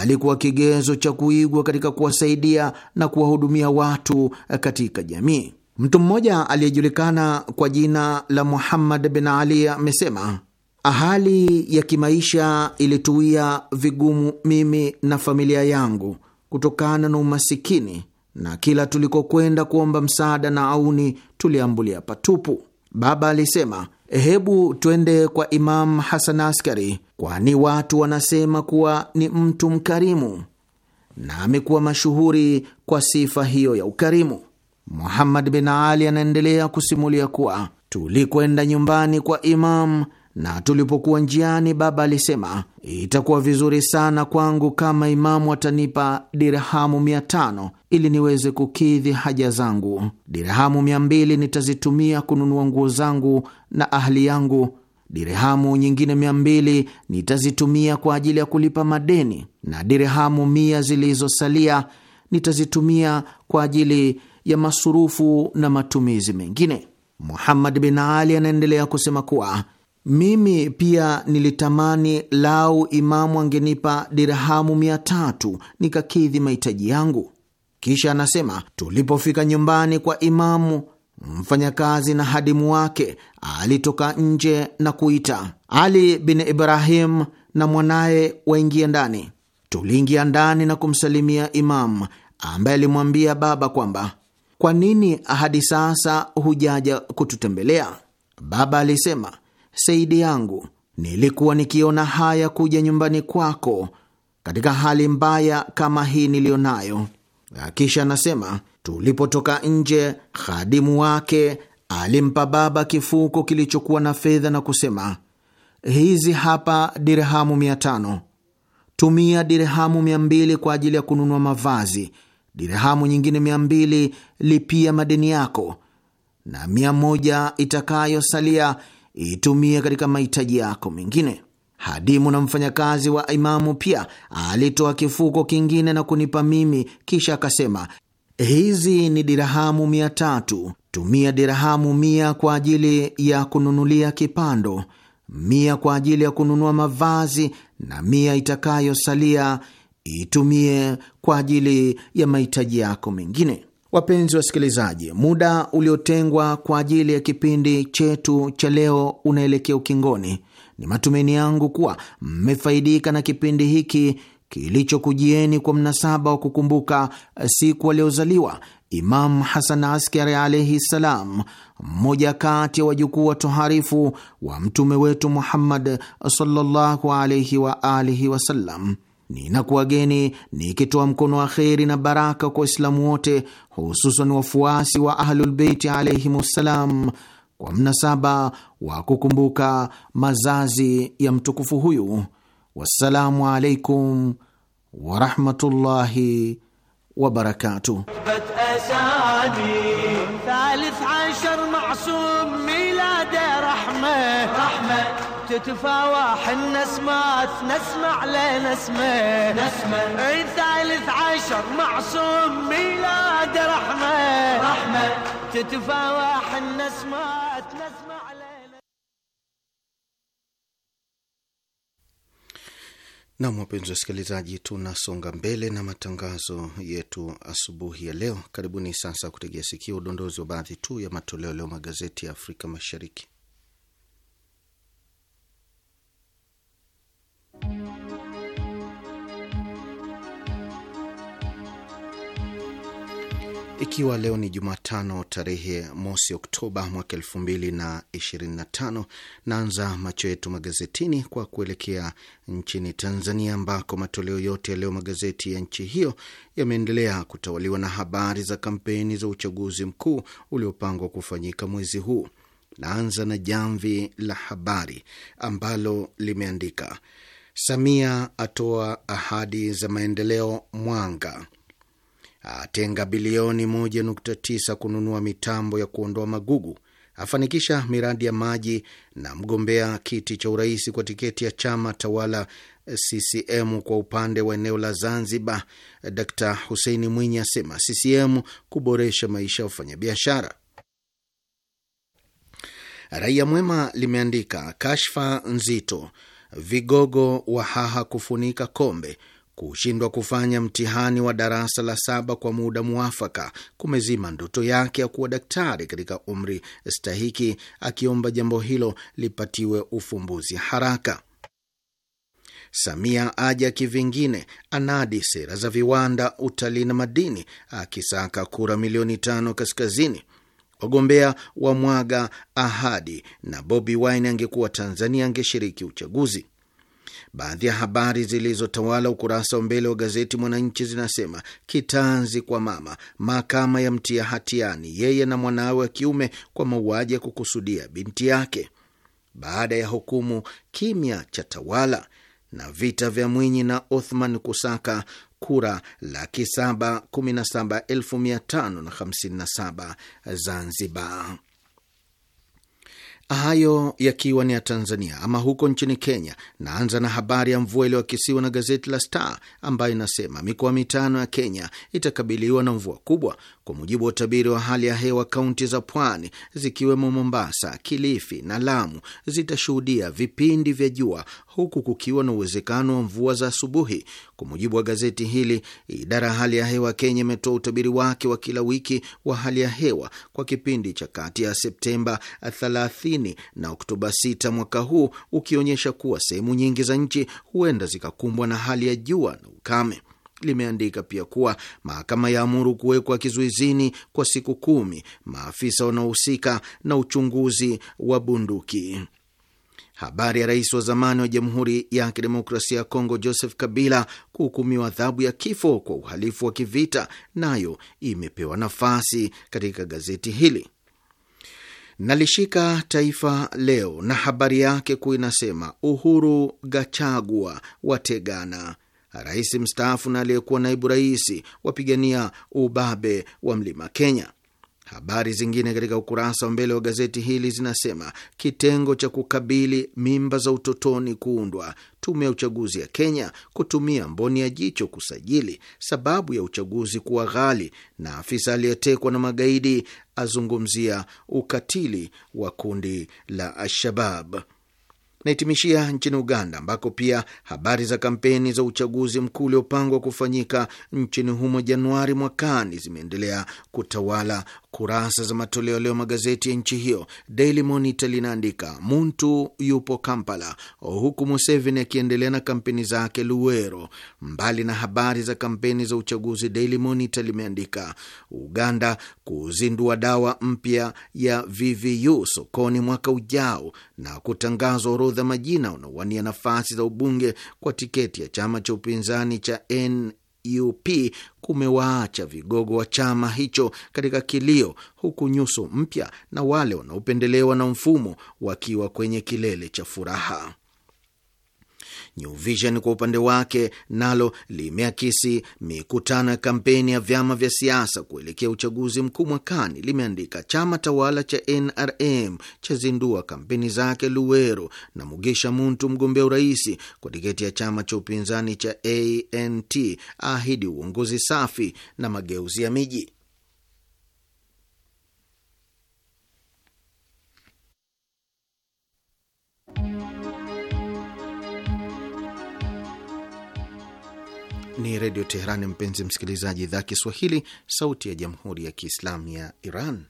alikuwa kigezo cha kuigwa katika kuwasaidia na kuwahudumia watu katika jamii. Mtu mmoja aliyejulikana kwa jina la Muhammad bin Ali amesema hali ya kimaisha ilituia vigumu mimi na familia yangu kutokana na umasikini na kila tulikokwenda kuomba msaada na auni tuliambulia patupu. Baba alisema, hebu twende kwa Imamu Hasan Askari, kwani watu wanasema kuwa ni mtu mkarimu na amekuwa mashuhuri kwa sifa hiyo ya ukarimu. Muhammad bin Ali anaendelea kusimulia kuwa tulikwenda nyumbani kwa imam na tulipokuwa njiani, baba alisema itakuwa vizuri sana kwangu kama imamu atanipa dirhamu mia tano ili niweze kukidhi haja zangu. Dirhamu mia mbili nitazitumia kununua nguo zangu na ahli yangu. Dirhamu nyingine mia mbili nitazitumia kwa ajili ya kulipa madeni, na dirhamu mia zilizosalia nitazitumia kwa ajili ya masurufu na matumizi mengine. Muhammad bin Ali anaendelea kusema kuwa mimi pia nilitamani lau imamu angenipa dirhamu mia tatu nikakidhi mahitaji yangu. Kisha anasema tulipofika nyumbani kwa imamu, mfanyakazi na hadimu wake alitoka nje na kuita Ali bin Ibrahim na mwanaye waingie ndani. Tuliingia ndani na kumsalimia imamu ambaye alimwambia baba kwamba kwa nini hadi sasa hujaja kututembelea? Baba alisema Seidi yangu, nilikuwa nikiona haya kuja nyumbani kwako katika hali mbaya kama hii niliyonayo. Kisha anasema tulipotoka nje, khadimu wake alimpa baba kifuko kilichokuwa na fedha na kusema, hizi hapa dirhamu mia tano, tumia dirhamu mia mbili kwa ajili ya kununua mavazi, dirhamu nyingine mia mbili lipia madeni yako, na mia moja itakayosalia itumie katika mahitaji yako mengine. Hadimu na mfanyakazi wa imamu pia alitoa kifuko kingine na kunipa mimi, kisha akasema, hizi ni dirahamu mia tatu. Tumia dirahamu mia kwa ajili ya kununulia kipando, mia kwa ajili ya kununua mavazi, na mia itakayosalia itumie kwa ajili ya mahitaji yako mengine. Wapenzi wasikilizaji, muda uliotengwa kwa ajili ya kipindi chetu cha leo unaelekea ukingoni. Ni matumaini yangu kuwa mmefaidika na kipindi hiki kilichokujieni kwa mnasaba wa kukumbuka eh, siku aliozaliwa Imam Hasan Askari alaihi ssalam, mmoja kati ya wajukuu watoharifu wa mtume wetu Muhammad sallallahu alaihi waalihi wasallam. Ninakuwageni nikitoa mkono wa kheri na baraka kwa Waislamu wote, hususan wafuasi wa Ahlulbeiti alaihim wassalam, kwa mnasaba wa kukumbuka mazazi ya mtukufu huyu. Wassalamu alaikum warahmatullahi wabarakatuh. تتفاوح النسمات نسمع لنا اسمه نسمع ثالث عشر معصوم ميلاد رحمة رحمة تتفاوح النسمات نسمع لنا Nam, wapenzi wasikilizaji, tunasonga mbele na matangazo yetu asubuhi ya leo. Karibuni sasa kutegea sikio udondozi wa baadhi tu ya matoleo leo magazeti ya Afrika Mashariki. Ikiwa leo ni Jumatano tarehe mosi Oktoba mwaka elfu mbili na ishirini na tano, naanza macho yetu magazetini kwa kuelekea nchini Tanzania ambako matoleo yote ya leo magazeti ya nchi hiyo yameendelea kutawaliwa na habari za kampeni za uchaguzi mkuu uliopangwa kufanyika mwezi huu. Naanza na Jamvi la Habari ambalo limeandika Samia atoa ahadi za maendeleo Mwanga atenga bilioni 1.9 kununua mitambo ya kuondoa magugu, afanikisha miradi ya maji, na mgombea kiti cha urais kwa tiketi ya chama tawala CCM kwa upande wa eneo la Zanzibar, d Huseini Mwinyi asema CCM kuboresha maisha ya wafanyabiashara. Raia Mwema limeandika kashfa nzito, vigogo wa haha kufunika kombe Kushindwa kufanya mtihani wa darasa la saba kwa muda muwafaka kumezima ndoto yake ya kuwa daktari katika umri stahiki, akiomba jambo hilo lipatiwe ufumbuzi haraka. Samia aja kivingine, anadi sera za viwanda, utalii na madini, akisaka kura milioni tano kaskazini. Wagombea wa mwaga ahadi na Bobi Wine angekuwa Tanzania angeshiriki uchaguzi. Baadhi ya habari zilizotawala ukurasa wa mbele wa gazeti Mwananchi zinasema kitanzi kwa mama, mahakama ya mtia hatiani yeye na mwanawe wa kiume kwa mauaji ya kukusudia binti yake. Baada ya hukumu, kimya cha tawala na vita vya Mwinyi na Othman kusaka kura laki saba kumi na saba elfu mia tano na hamsini na saba Zanzibar. Hayo yakiwa ni ya Tanzania. Ama huko nchini Kenya, naanza na habari ya mvua iliyoakisiwa na gazeti la Star ambayo inasema mikoa mitano ya Kenya itakabiliwa na mvua kubwa kwa mujibu wa utabiri wa hali ya hewa. Kaunti za pwani zikiwemo Mombasa, Kilifi na Lamu zitashuhudia vipindi vya jua huku kukiwa na uwezekano wa mvua za asubuhi. Kwa mujibu wa gazeti hili, idara ya hali ya hewa Kenya imetoa utabiri wake wa kila wiki wa hali ya hewa kwa kipindi cha kati ya Septemba 30 na Oktoba 6 mwaka huu, ukionyesha kuwa sehemu nyingi za nchi huenda zikakumbwa na hali ya jua na ukame. Limeandika pia kuwa mahakama ya amuru kuwekwa kizuizini kwa siku kumi maafisa wanaohusika na uchunguzi wa bunduki habari ya rais wa zamani wa Jamhuri ya Kidemokrasia ya Kongo Joseph Kabila kuhukumiwa adhabu ya kifo kwa uhalifu wa kivita nayo imepewa nafasi katika gazeti hili. Nalishika Taifa Leo na habari yake kuu inasema Uhuru Gachagua wategana rais mstaafu na aliyekuwa naibu rais wapigania ubabe wa mlima Kenya. Habari zingine katika ukurasa wa mbele wa gazeti hili zinasema kitengo cha kukabili mimba za utotoni kuundwa, tume ya uchaguzi ya Kenya kutumia mboni ya jicho kusajili sababu ya uchaguzi kuwa ghali, na afisa aliyetekwa na magaidi azungumzia ukatili wa kundi la Alshabab. Nahitimishia nchini Uganda ambako pia habari za kampeni za uchaguzi mkuu uliopangwa kufanyika nchini humo Januari mwakani zimeendelea kutawala kurasa za matoleo leo magazeti ya nchi hiyo. Daily Monitor linaandika Muntu yupo Kampala huku Museveni akiendelea na kampeni zake Luwero. Mbali na habari za kampeni za uchaguzi, Daily Monitor limeandika Uganda kuzindua dawa mpya ya VVU sokoni mwaka ujao na kutangazwa orodha majina wanaowania nafasi za ubunge kwa tiketi ya chama cha upinzani cha N UP kumewaacha vigogo wa chama hicho katika kilio, huku nyuso mpya na wale wanaopendelewa na mfumo wakiwa kwenye kilele cha furaha. New Vision kwa upande wake nalo limeakisi mikutano ya kampeni ya vyama vya siasa kuelekea uchaguzi mkuu mwakani. Limeandika chama tawala cha NRM chazindua kampeni zake Luwero, na Mugisha Muntu mgombea urais kwa tiketi ya chama cha upinzani cha ANT ahidi uongozi safi na mageuzi ya miji. Ni Redio Teherani, mpenzi msikilizaji, idhaa Kiswahili, sauti ya jamhuri ya kiislamu ya Iran.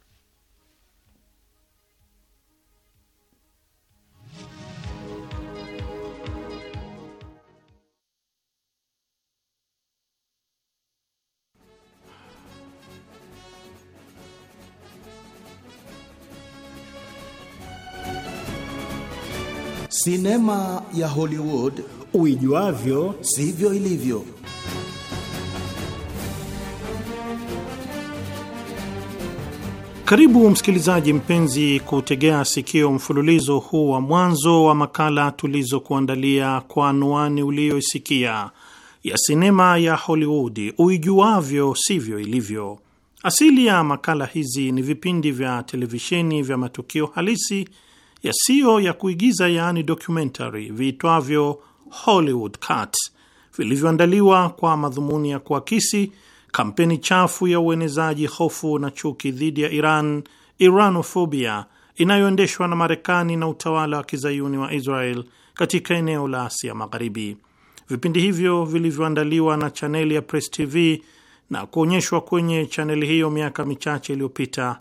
Sinema ya Hollywood uijuavyo sivyo ilivyo. Karibu msikilizaji mpenzi kutegea sikio mfululizo huu wa mwanzo wa makala tulizokuandalia kwa anwani uliyoisikia ya sinema ya Hollywood uijuavyo sivyo ilivyo. Asili ya makala hizi ni vipindi vya televisheni vya matukio halisi yasiyo ya kuigiza, yaani documentary, viitwavyo Hollywood Cut vilivyoandaliwa kwa madhumuni ya kuakisi kampeni chafu ya uenezaji hofu na chuki dhidi ya Iran, Iranofobia, inayoendeshwa na Marekani na utawala wa kizayuni wa Israel katika eneo la Asia Magharibi. Vipindi hivyo vilivyoandaliwa na chaneli ya Press TV na kuonyeshwa kwenye chaneli hiyo miaka michache iliyopita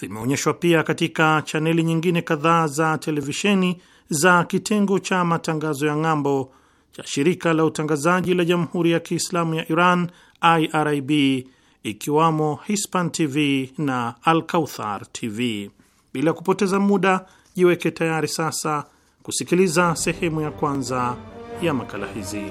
vimeonyeshwa pia katika chaneli nyingine kadhaa za televisheni za kitengo cha matangazo ya ng'ambo cha shirika la utangazaji la Jamhuri ya Kiislamu ya Iran IRIB ikiwamo Hispan TV na Alkauthar TV. Bila kupoteza muda, jiweke tayari sasa kusikiliza sehemu ya kwanza ya makala hizi.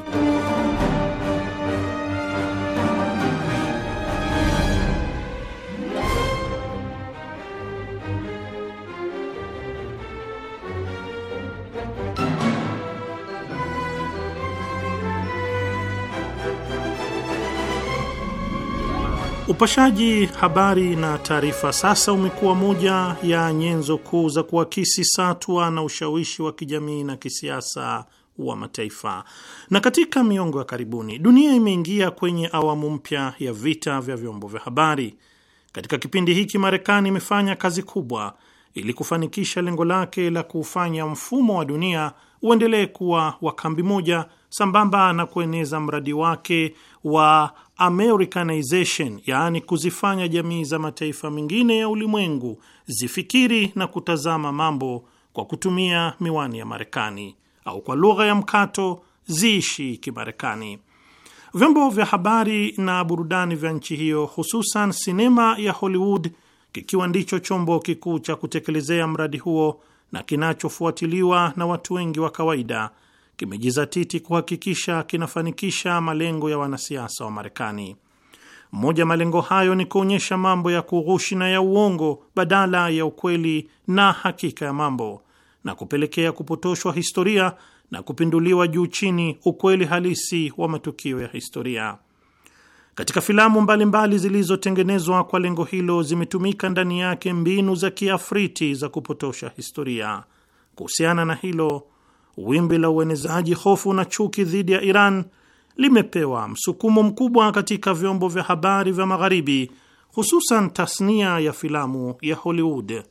Upashaji habari na taarifa sasa umekuwa moja ya nyenzo kuu za kuakisi satwa na ushawishi wa kijamii na kisiasa wa mataifa. Na katika miongo ya karibuni, dunia imeingia kwenye awamu mpya ya vita vya vyombo vya habari. Katika kipindi hiki, Marekani imefanya kazi kubwa ili kufanikisha lengo lake la kuufanya mfumo wa dunia uendelee kuwa wa kambi moja, sambamba na kueneza mradi wake wa Americanization, yaani kuzifanya jamii za mataifa mengine ya ulimwengu zifikiri na kutazama mambo kwa kutumia miwani ya Marekani au kwa lugha ya mkato ziishi Kimarekani. Vyombo vya habari na burudani vya nchi hiyo, hususan sinema ya Hollywood, kikiwa ndicho chombo kikuu cha kutekelezea mradi huo na kinachofuatiliwa na watu wengi wa kawaida kimejizatiti kuhakikisha kinafanikisha malengo ya wanasiasa wa Marekani. Mmoja malengo hayo ni kuonyesha mambo ya kughushi na ya uongo badala ya ukweli na hakika ya mambo na kupelekea kupotoshwa historia na kupinduliwa juu chini ukweli halisi wa matukio ya historia. Katika filamu mbalimbali zilizotengenezwa kwa lengo hilo, zimetumika ndani yake mbinu za kiafriti za kupotosha historia. Kuhusiana na hilo, wimbi la uenezaji hofu na chuki dhidi ya Iran limepewa msukumo mkubwa katika vyombo vya habari vya Magharibi, hususan tasnia ya filamu ya Hollywood.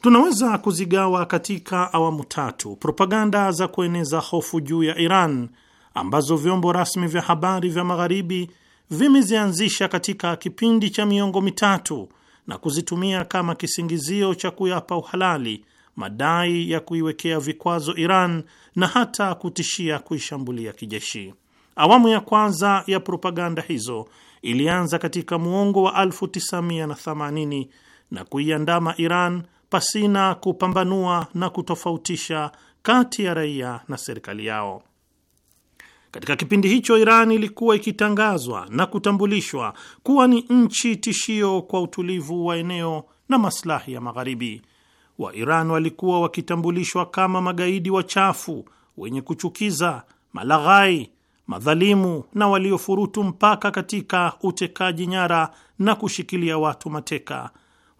Tunaweza kuzigawa katika awamu tatu propaganda za kueneza hofu juu ya Iran ambazo vyombo rasmi vya habari vya Magharibi vimezianzisha katika kipindi cha miongo mitatu na kuzitumia kama kisingizio cha kuyapa uhalali madai ya kuiwekea vikwazo Iran na hata kutishia kuishambulia kijeshi. Awamu ya kwanza ya propaganda hizo ilianza katika muongo wa 1980 na, na kuiandama Iran pasina kupambanua na kutofautisha kati ya raia na serikali yao. Katika kipindi hicho Iran ilikuwa ikitangazwa na kutambulishwa kuwa ni nchi tishio kwa utulivu wa eneo na maslahi ya Magharibi, wa Iran walikuwa wakitambulishwa kama magaidi wachafu, wenye kuchukiza, malaghai, madhalimu na waliofurutu mpaka katika utekaji nyara na kushikilia watu mateka,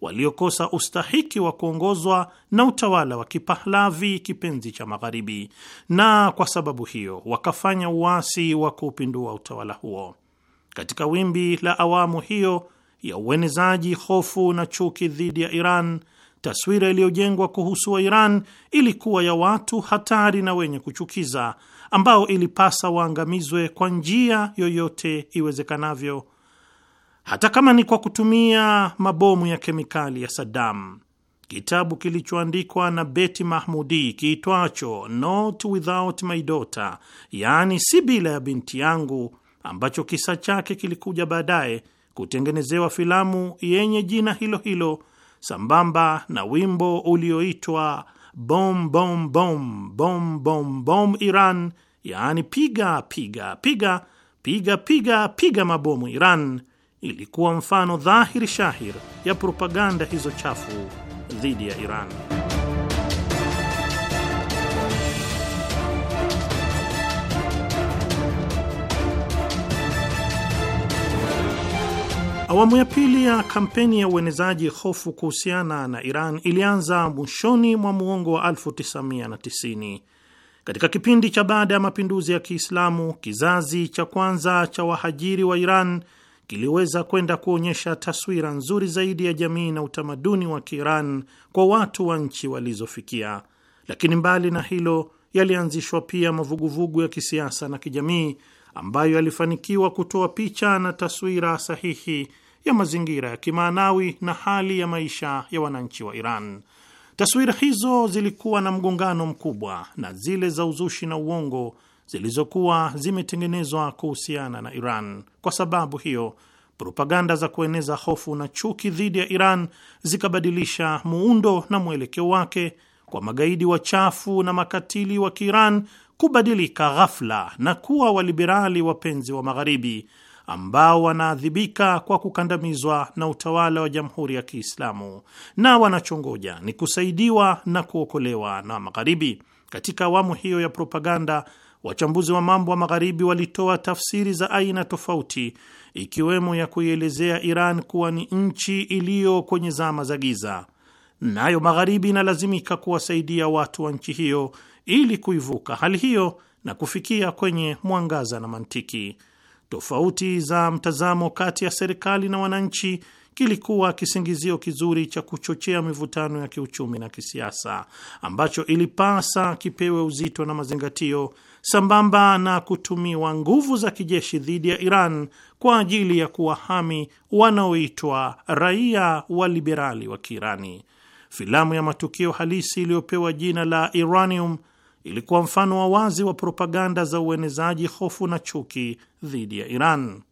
waliokosa ustahiki wa kuongozwa na utawala wa Kipahlavi, kipenzi cha Magharibi, na kwa sababu hiyo wakafanya uasi wa kuupindua utawala huo. Katika wimbi la awamu hiyo ya uenezaji hofu na chuki dhidi ya Iran Taswira iliyojengwa kuhusu Iran ilikuwa ya watu hatari na wenye kuchukiza ambao ilipasa waangamizwe kwa njia yoyote iwezekanavyo, hata kama ni kwa kutumia mabomu ya kemikali ya Saddam. Kitabu kilichoandikwa na Beti Mahmudi kiitwacho Not Without My Daughter, yaani si bila ya binti yangu, ambacho kisa chake kilikuja baadaye kutengenezewa filamu yenye jina hilo hilo sambamba na wimbo ulioitwa bom bom bom bom bom bom Iran, yaani piga piga piga piga piga piga mabomu Iran, ilikuwa mfano dhahiri shahir ya propaganda hizo chafu dhidi ya Iran. Awamu ya pili ya kampeni ya uenezaji hofu kuhusiana na Iran ilianza mwishoni mwa muongo wa 1990. Katika kipindi cha baada ya mapinduzi ya Kiislamu, kizazi cha kwanza cha wahajiri wa Iran kiliweza kwenda kuonyesha taswira nzuri zaidi ya jamii na utamaduni wa Kiiran kwa watu wa nchi walizofikia. Lakini mbali na hilo, yalianzishwa pia mavuguvugu ya kisiasa na kijamii ambayo alifanikiwa kutoa picha na taswira sahihi ya mazingira ya kimaanawi na hali ya maisha ya wananchi wa Iran. Taswira hizo zilikuwa na mgongano mkubwa na zile za uzushi na uongo zilizokuwa zimetengenezwa kuhusiana na Iran. Kwa sababu hiyo, propaganda za kueneza hofu na chuki dhidi ya Iran zikabadilisha muundo na mwelekeo wake kwa magaidi wachafu na makatili wa Kiiran kubadilika ghafla na kuwa waliberali wapenzi wa Magharibi ambao wanaadhibika kwa kukandamizwa na utawala wa Jamhuri ya Kiislamu na wanachongoja ni kusaidiwa na kuokolewa na Magharibi. Katika awamu hiyo ya propaganda, wachambuzi wa mambo wa Magharibi walitoa tafsiri za aina tofauti, ikiwemo ya kuielezea Iran kuwa ni nchi iliyo kwenye zama za giza, nayo Magharibi inalazimika kuwasaidia watu wa nchi hiyo ili kuivuka hali hiyo na kufikia kwenye mwangaza na mantiki. Tofauti za mtazamo kati ya serikali na wananchi kilikuwa kisingizio kizuri cha kuchochea mivutano ya kiuchumi na kisiasa ambacho ilipasa kipewe uzito na mazingatio, sambamba na kutumiwa nguvu za kijeshi dhidi ya Iran kwa ajili ya kuwahami wanaoitwa raia wa liberali wa Kiirani. Filamu ya matukio halisi iliyopewa jina la Iranium ilikuwa mfano wa wazi wa propaganda za uenezaji hofu na chuki dhidi ya Iran.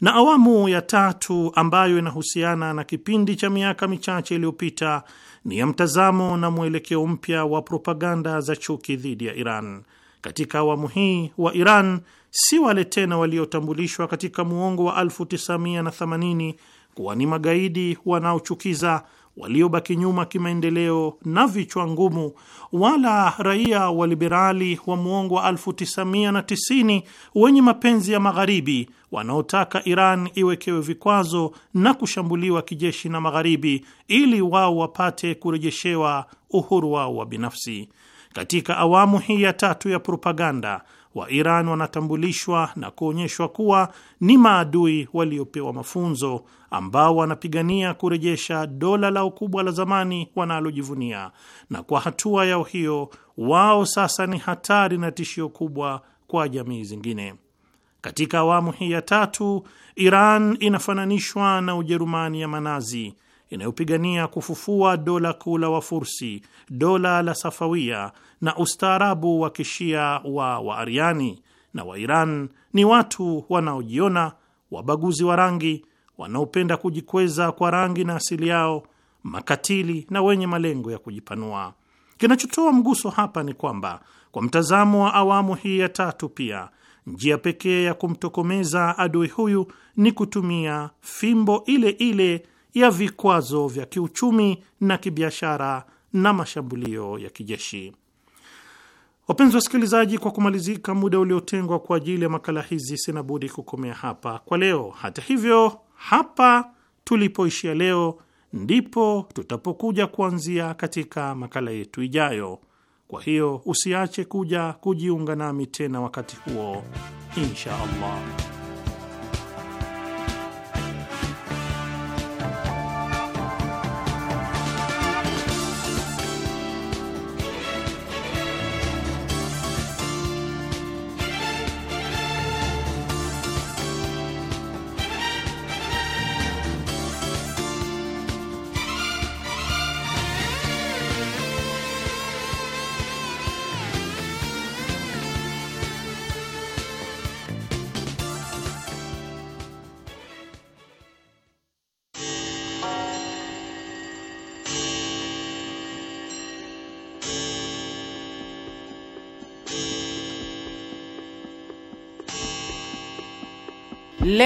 Na awamu ya tatu ambayo inahusiana na kipindi cha miaka michache iliyopita ni ya mtazamo na mwelekeo mpya wa propaganda za chuki dhidi ya Iran. Katika awamu hii wa Iran si wale tena waliotambulishwa katika muongo wa 1980 kuwa ni magaidi wanaochukiza waliobaki nyuma kimaendeleo na vichwa ngumu, wala raia wa liberali wa muongo wa 1990 wenye mapenzi ya magharibi wanaotaka Iran iwekewe vikwazo na kushambuliwa kijeshi na magharibi ili wao wapate kurejeshewa uhuru wao wa binafsi. Katika awamu hii ya tatu ya propaganda wa Iran wanatambulishwa na kuonyeshwa kuwa ni maadui waliopewa mafunzo ambao wanapigania kurejesha dola la kubwa la zamani wanalojivunia, na kwa hatua yao hiyo wao sasa ni hatari na tishio kubwa kwa jamii zingine. Katika awamu hii ya tatu, Iran inafananishwa na Ujerumani ya Manazi inayopigania kufufua dola kuu la Wafursi, dola la Safawia na ustaarabu wa kishia wa Waariani. Na Wairan ni watu wanaojiona wabaguzi wa rangi, wanaopenda kujikweza kwa rangi na asili yao, makatili na wenye malengo ya kujipanua. Kinachotoa mguso hapa ni kwamba kwa mtazamo wa awamu hii ya tatu, pia njia pekee ya kumtokomeza adui huyu ni kutumia fimbo ile ile ya vikwazo vya kiuchumi na kibiashara na mashambulio ya kijeshi. Wapenzi wasikilizaji, kwa kumalizika muda uliotengwa kwa ajili ya makala hizi, sina budi kukomea hapa kwa leo. Hata hivyo, hapa tulipoishia leo ndipo tutapokuja kuanzia katika makala yetu ijayo. Kwa hiyo usiache kuja kujiunga nami tena wakati huo, insha Allah.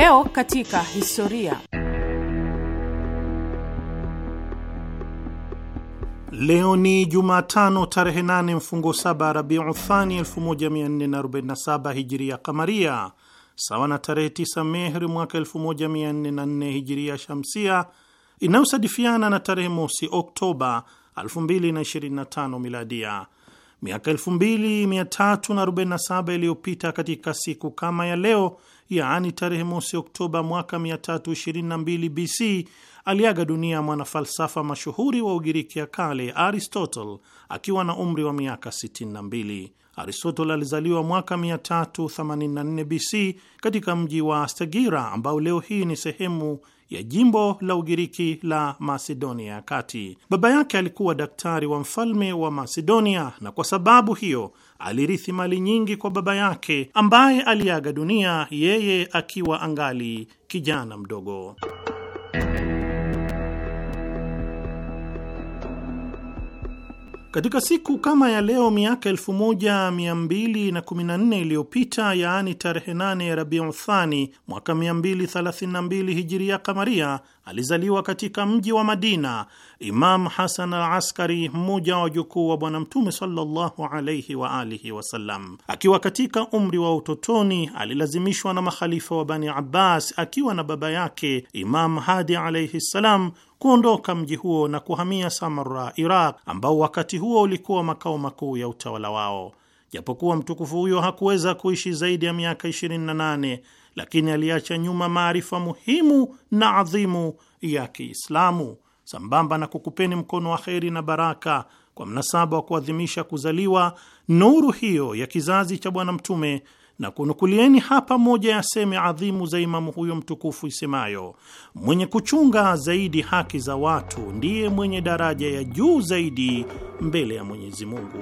Leo katika historia. Leo ni Jumatano tarehe 8 mfungo 7 Rabiu Thani 1447 hijria kamaria, sawa na tarehe 9 Mehri mwaka 1404 hijiria shamsia, inayosadifiana na tarehe mosi Oktoba 2025 miladia. Miaka 2347 iliyopita katika siku kama ya leo yaani tarehe mosi Oktoba mwaka 322 BC aliaga dunia mwanafalsafa mashuhuri wa Ugiriki ya kale Aristotle akiwa na umri wa miaka 62. Aristotle alizaliwa mwaka 384 BC katika mji wa Stagira ambao leo hii ni sehemu ya jimbo la Ugiriki la Masedonia ya Kati. Baba yake alikuwa daktari wa mfalme wa Masedonia, na kwa sababu hiyo alirithi mali nyingi kwa baba yake ambaye aliaga dunia yeye akiwa angali kijana mdogo. Katika siku kama ya leo miaka 1214 iliyopita, yaani tarehe 8 ya Rabiu Thani mwaka 232 hijiria kamaria, Alizaliwa katika mji wa Madina. Imam Hasan al Askari, mmoja wa wajukuu wa Bwana Mtume sallallahu alaihi wa alihi wasallam, akiwa katika umri wa utotoni alilazimishwa na makhalifa wa Bani Abbas akiwa na baba yake Imam Hadi alaihi ssalam kuondoka mji huo na kuhamia Samarra, Iraq, ambao wakati huo ulikuwa makao makuu ya utawala wao. Japokuwa mtukufu huyo hakuweza kuishi zaidi ya miaka 28 lakini aliacha nyuma maarifa muhimu na adhimu ya Kiislamu, sambamba na kukupeni mkono wa kheri na baraka kwa mnasaba wa kuadhimisha kuzaliwa nuru hiyo ya kizazi cha Bwana Mtume na kunukulieni hapa moja ya seme adhimu za imamu huyo mtukufu isemayo, mwenye kuchunga zaidi haki za watu ndiye mwenye daraja ya juu zaidi mbele ya Mwenyezi Mungu.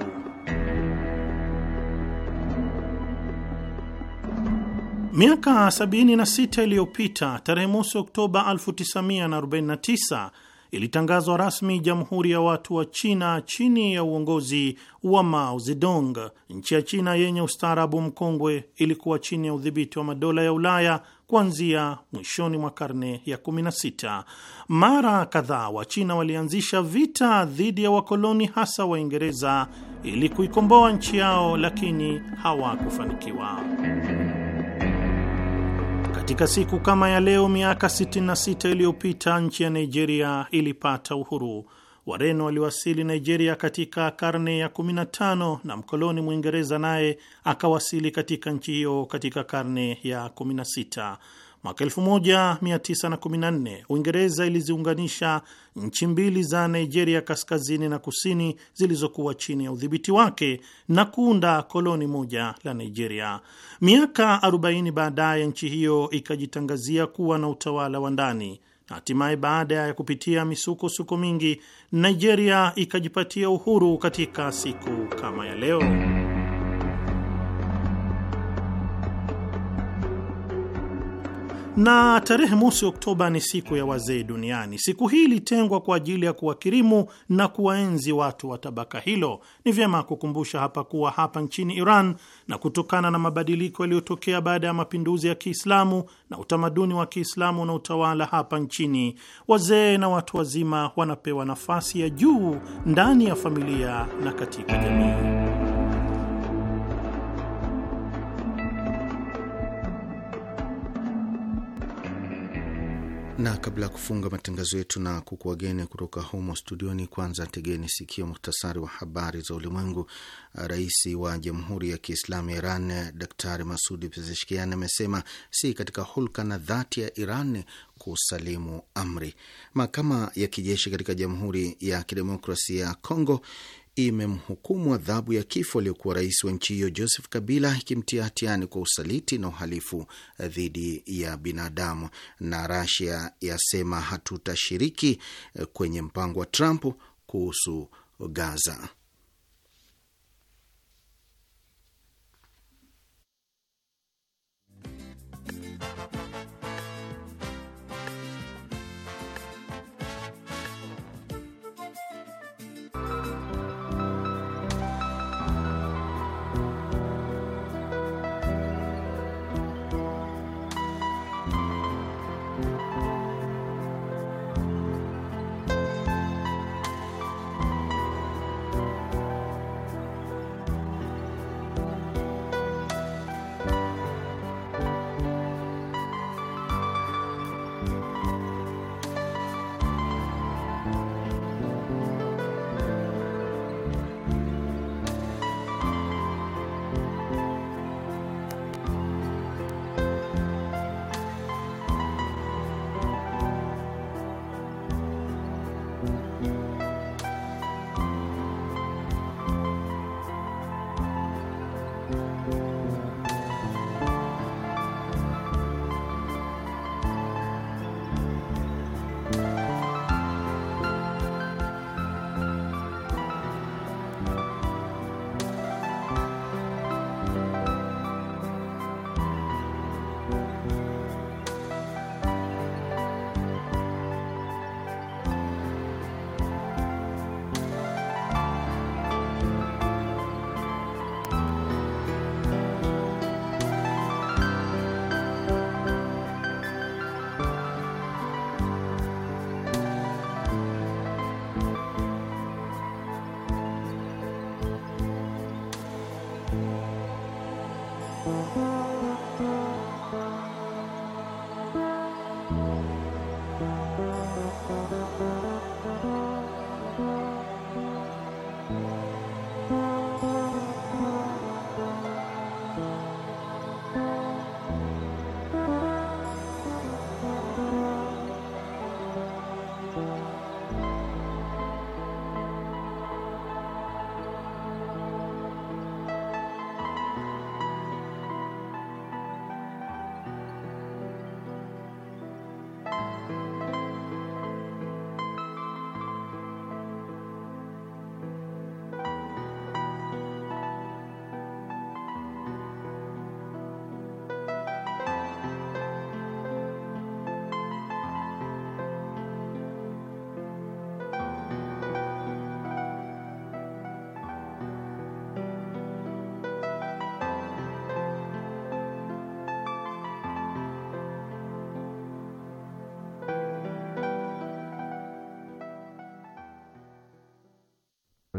Miaka 76 iliyopita tarehe mosi Oktoba 1949 ilitangazwa rasmi Jamhuri ya Watu wa China chini ya uongozi wa Mao Zedong. Nchi ya China yenye ustaarabu mkongwe ilikuwa chini ya udhibiti wa madola ya Ulaya kuanzia mwishoni mwa karne ya 16. Mara kadhaa Wachina walianzisha vita dhidi ya wakoloni, hasa Waingereza, ili kuikomboa nchi yao, lakini hawakufanikiwa. Katika siku kama ya leo miaka 66 iliyopita nchi ya Nigeria ilipata uhuru. Wareno waliwasili Nigeria katika karne ya 15 na mkoloni Mwingereza naye akawasili katika nchi hiyo katika karne ya 16. Mwaka 1914 Uingereza iliziunganisha nchi mbili za Nigeria kaskazini na kusini zilizokuwa chini ya udhibiti wake na kuunda koloni moja la Nigeria. Miaka 40 baadaye, nchi hiyo ikajitangazia kuwa na utawala wa ndani. na Hatimaye, baada ya kupitia misukosuko mingi, Nigeria ikajipatia uhuru katika siku kama ya leo. Na tarehe mosi Oktoba ni siku ya wazee duniani. Siku hii ilitengwa kwa ajili ya kuwakirimu na kuwaenzi watu wa tabaka hilo. Ni vyema kukumbusha hapa kuwa hapa nchini Iran na kutokana na mabadiliko yaliyotokea baada ya mapinduzi ya Kiislamu na utamaduni wa Kiislamu na utawala hapa nchini, wazee na watu wazima wanapewa nafasi ya juu ndani ya familia na katika jamii. na kabla ya kufunga matangazo yetu na kukuageni kutoka humo studioni, kwanza tegeni sikio muhtasari wa habari za ulimwengu. Rais wa Jamhuri ya Kiislamu ya Iran Daktari Masudi Pezeshkian amesema si katika hulka na dhati ya Iran kusalimu amri. Mahakama ya kijeshi katika Jamhuri ya Kidemokrasia ya Kongo imemhukumu adhabu ya kifo aliyokuwa rais wa nchi hiyo Joseph Kabila, ikimtia hatiani kwa usaliti na uhalifu dhidi ya binadamu. Na Rasia yasema hatutashiriki eh, kwenye mpango wa Trump kuhusu Gaza.